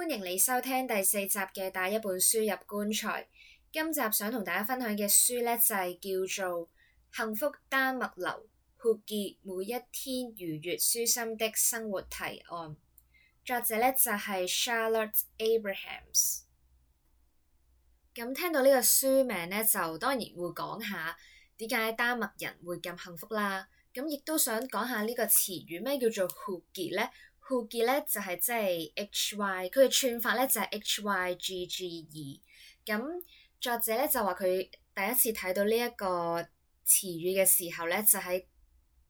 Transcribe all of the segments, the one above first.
歡迎你收聽第四集嘅第一本書入棺材。今集想同大家分享嘅書呢，就係、是、叫做《幸福丹麥流》，hygge 每一天愉悅舒心的生活提案。作者呢就係、是、Charlotte Abrahams。咁聽到呢個書名呢，就當然會講下點解丹麥人會咁幸福啦。咁亦都想講下呢個詞語咩叫做 hygge 呢。酷傑呢就係即係 H Y，佢嘅串法呢就係 H Y G G E。咁作者呢就話佢第一次睇到呢一個詞語嘅時候呢，就喺、是、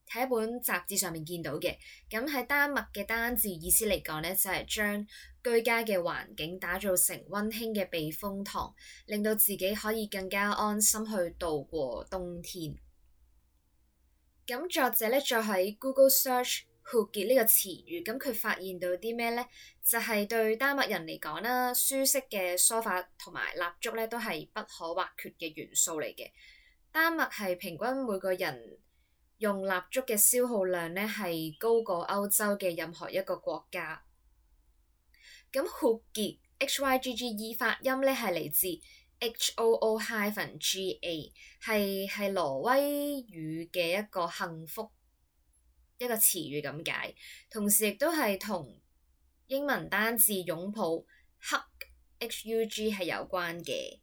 睇一本雜誌上面見到嘅。咁喺丹麥嘅單字意思嚟講呢，就係、是、將居家嘅環境打造成溫馨嘅避風塘，令到自己可以更加安心去度過冬天。咁作者呢就喺 Google Search。括杰呢個詞語，咁佢發現到啲咩呢？就係、是、對丹麥人嚟講啦，舒適嘅梳化同埋蠟燭呢都係不可或缺嘅元素嚟嘅。丹麥係平均每個人用蠟燭嘅消耗量呢係高過歐洲嘅任何一個國家。咁括結 （h, get, h y g g e） 發音呢係嚟自 h o o hyphen g a，係係挪威語嘅一個幸福一個詞語咁解，同時亦都係同英文單字擁抱 hug，h-u-g 係有關嘅。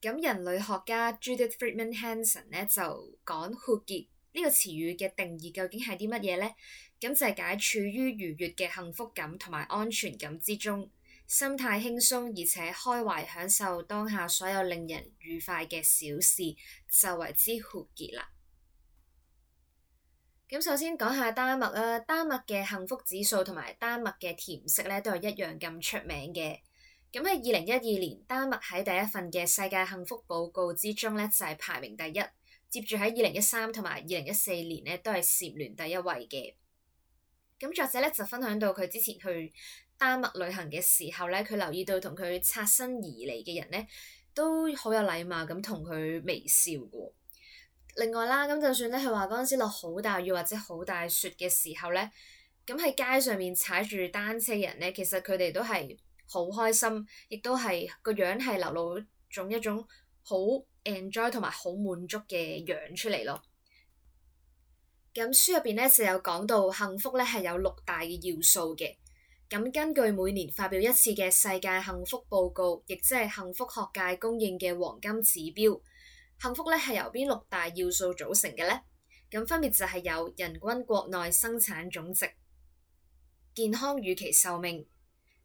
咁人類學家 Judith Friedman Hanson 呢就講，hygge 呢個詞語嘅定義究竟係啲乜嘢呢？咁就係解處於愉悦嘅幸福感同埋安全感之中，心態輕鬆而且開懷享受當下所有令人愉快嘅小事，就為之 hygge 啦。咁首先講下丹麥啦，丹麥嘅幸福指數同埋丹麥嘅甜食咧都係一樣咁出名嘅。咁喺二零一二年，丹麥喺第一份嘅世界幸福報告之中咧就係排名第一，接住喺二零一三同埋二零一四年咧都係蟬聯第一位嘅。咁作者咧就分享到佢之前去丹麥旅行嘅時候咧，佢留意到同佢擦身而嚟嘅人咧都好有禮貌咁同佢微笑嘅。另外啦，咁就算咧，佢話嗰陣時落好大雨或者好大雪嘅時候咧，咁喺街上面踩住單車嘅人咧，其實佢哋都係好開心，亦都係個樣係流露種一種好 enjoy 同埋好滿足嘅樣出嚟咯。咁書入邊咧就有講到幸福咧係有六大嘅要素嘅。咁根據每年發表一次嘅世界幸福報告，亦即係幸福學界公認嘅黃金指標。幸福咧係由邊六大要素組成嘅呢？咁分別就係有人均國內生產總值、健康預期壽命、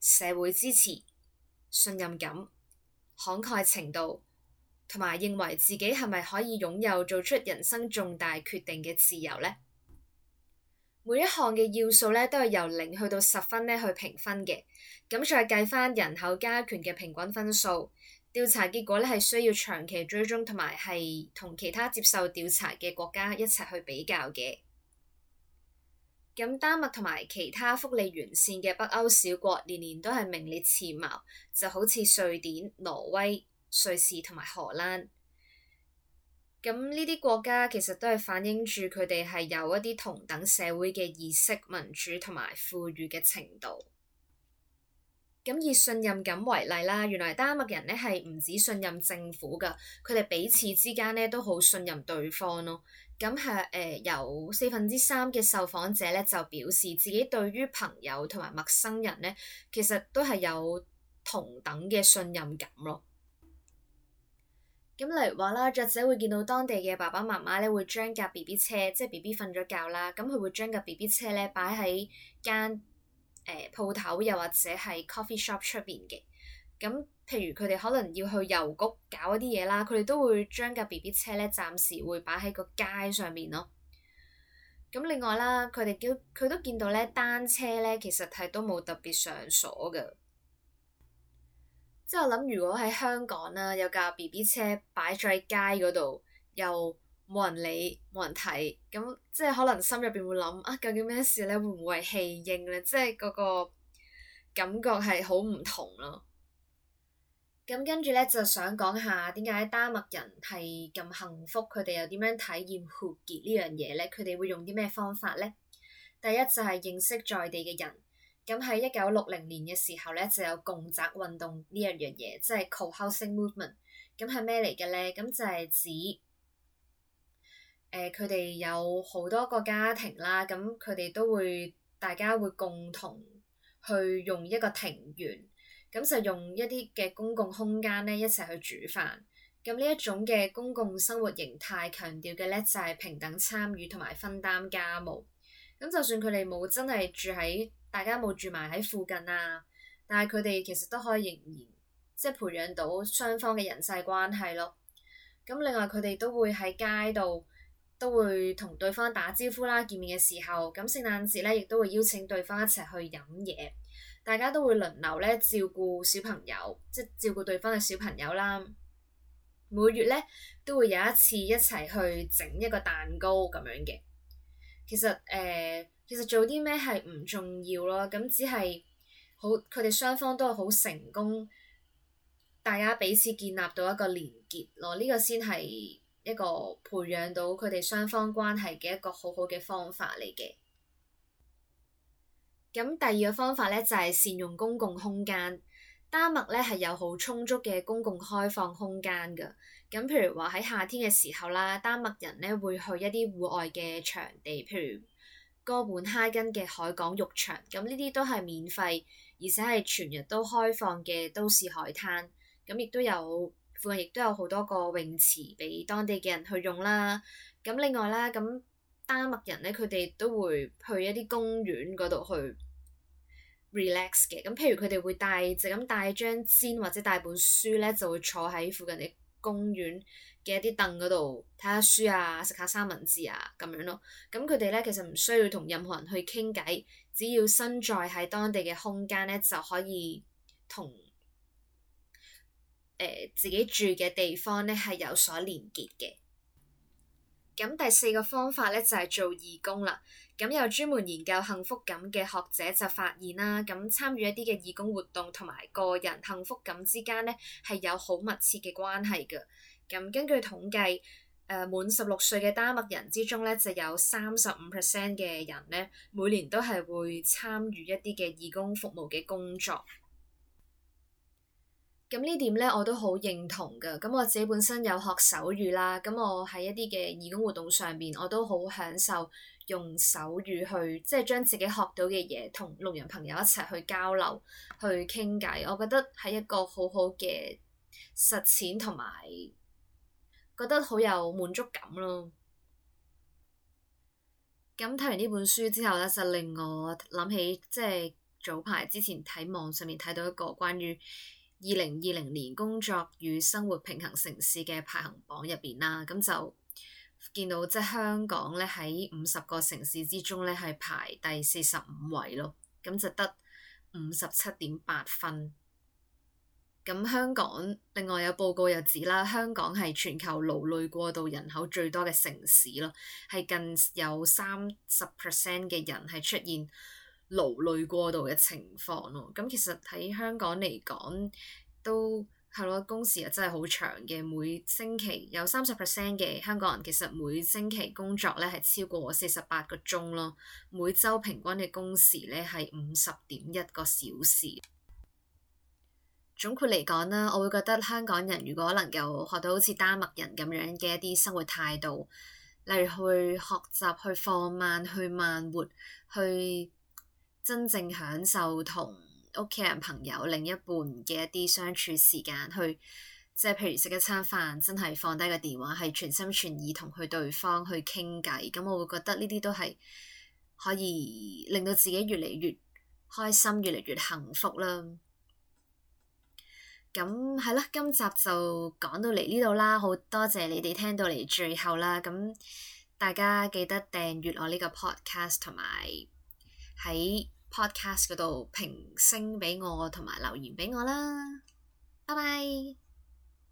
社會支持、信任感、慷慨程度，同埋認為自己係咪可以擁有做出人生重大決定嘅自由。呢每一項嘅要素咧都係由零去到十分咧去評分嘅，咁再計翻人口加權嘅平均分數。調查結果咧係需要長期追蹤，同埋係同其他接受調查嘅國家一齊去比較嘅。咁丹麥同埋其他福利完善嘅北歐小國年年都係名列前茅，就好似瑞典、挪威、瑞士同埋荷蘭。咁呢啲國家其實都係反映住佢哋係有一啲同等社會嘅意識、民主同埋富裕嘅程度。咁以信任感為例啦，原來丹麥人咧係唔止信任政府噶，佢哋彼此之間咧都好信任對方咯。咁係誒，有四分之三嘅受訪者咧就表示自己對於朋友同埋陌生人咧，其實都係有同等嘅信任感咯。咁、嗯、例如話啦，作者會見到當地嘅爸爸媽媽咧，會將架 B B 車，即係 B B 瞓咗覺啦，咁佢會將架 B B 車咧擺喺間。誒、呃、鋪頭又或者係 coffee shop 出邊嘅，咁譬如佢哋可能要去郵局搞一啲嘢啦，佢哋都會將架 B B 車咧暫時會擺喺個街上面咯。咁另外啦，佢哋叫佢都見到咧單車咧，其實係都冇特別上鎖噶。即係我諗，如果喺香港啦，有架 B B 車擺咗喺街嗰度又～冇人理，冇人睇，咁即係可能心入邊會諗啊，究竟咩事呢？會唔會係棄嬰呢？即係嗰個感覺係好唔同咯。咁跟住呢，就想講下點解丹麥人係咁幸福，佢哋又點樣體驗活結呢樣嘢呢？佢哋會用啲咩方法呢？第一就係認識在地嘅人。咁喺一九六零年嘅時候呢，就有共宅運動呢一樣嘢，即係 co-housing movement。咁係咩嚟嘅呢？咁就係指。誒，佢哋有好多個家庭啦，咁佢哋都會大家會共同去用一個庭園，咁就用一啲嘅公共空間呢，一齊去煮飯。咁呢一種嘅公共生活形態強調嘅呢，就係平等參與同埋分擔家務。咁就算佢哋冇真係住喺，大家冇住埋喺附近啊，但係佢哋其實都可以仍然即係培養到雙方嘅人際關係咯。咁另外佢哋都會喺街度。都會同對方打招呼啦，見面嘅時候，咁聖誕節呢亦都會邀請對方一齊去飲嘢，大家都會輪流呢照顧小朋友，即係照顧對方嘅小朋友啦。每月呢都會有一次一齊去整一個蛋糕咁樣嘅。其實誒、呃，其實做啲咩係唔重要咯，咁只係好佢哋雙方都係好成功，大家彼此建立到一個連結咯，呢個先係。一個培養到佢哋雙方關係嘅一個好好嘅方法嚟嘅。咁第二個方法呢，就係善用公共空間。丹麥呢係有好充足嘅公共開放空間㗎。咁譬如話喺夏天嘅時候啦，丹麥人呢會去一啲戶外嘅場地，譬如哥本哈根嘅海港浴場，咁呢啲都係免費，而且係全日都開放嘅都市海灘。咁亦都有。附近亦都有好多個泳池俾當地嘅人去用啦。咁另外咧，咁丹麥人呢，佢哋都會去一啲公園嗰度去 relax 嘅。咁譬如佢哋會帶就咁帶張氈或者帶本書呢，就會坐喺附近嘅公園嘅一啲凳嗰度睇下書啊，食下三文治啊咁樣咯。咁佢哋呢，其實唔需要同任何人去傾偈，只要身在喺當地嘅空間呢，就可以同。誒、呃、自己住嘅地方咧，係有所連結嘅。咁第四個方法咧，就係、是、做義工啦。咁有專門研究幸福感嘅學者就發現啦，咁參與一啲嘅義工活動同埋個人幸福感之間咧，係有好密切嘅關係㗎。咁根據統計，誒、呃、滿十六歲嘅丹麥人之中咧，就有三十五 percent 嘅人咧，每年都係會參與一啲嘅義工服務嘅工作。咁呢點呢，我都好認同噶。咁我自己本身有學手語啦，咁我喺一啲嘅義工活動上面，我都好享受用手語去即係將自己學到嘅嘢同聾人朋友一齊去交流、去傾偈。我覺得係一個好好嘅實踐，同埋覺得好有滿足感咯。咁睇完呢本書之後呢，就令我諗起即係早排之前睇網上面睇到一個關於二零二零年工作與生活平衡城市嘅排行榜入邊啦，咁就見到即係香港咧喺五十個城市之中咧係排第四十五位咯，咁就得五十七點八分。咁香港另外有報告又指啦，香港係全球勞累過度人口最多嘅城市咯，係近有三十 percent 嘅人係出現。勞累過度嘅情況咯，咁其實喺香港嚟講都係咯、嗯，工時又真係好長嘅。每星期有三十 percent 嘅香港人其實每星期工作咧係超過四十八個鐘咯，每週平均嘅工時咧係五十點一個小時。總括嚟講啦，我會覺得香港人如果能夠學到好似丹麥人咁樣嘅一啲生活態度，例如去學習去放慢、去慢活、去。真正享受同屋企人、朋友、另一半嘅一啲相處時間，去即係譬如食一餐飯，真係放低個電話，係全心全意同佢對方去傾偈。咁我會覺得呢啲都係可以令到自己越嚟越開心，越嚟越幸福啦。咁係啦，今集就講到嚟呢度啦，好多謝你哋聽到嚟最後啦。咁大家記得訂閱我呢個 podcast 同埋。喺 Podcast 嗰度評星俾我，同埋留言畀我啦，拜拜。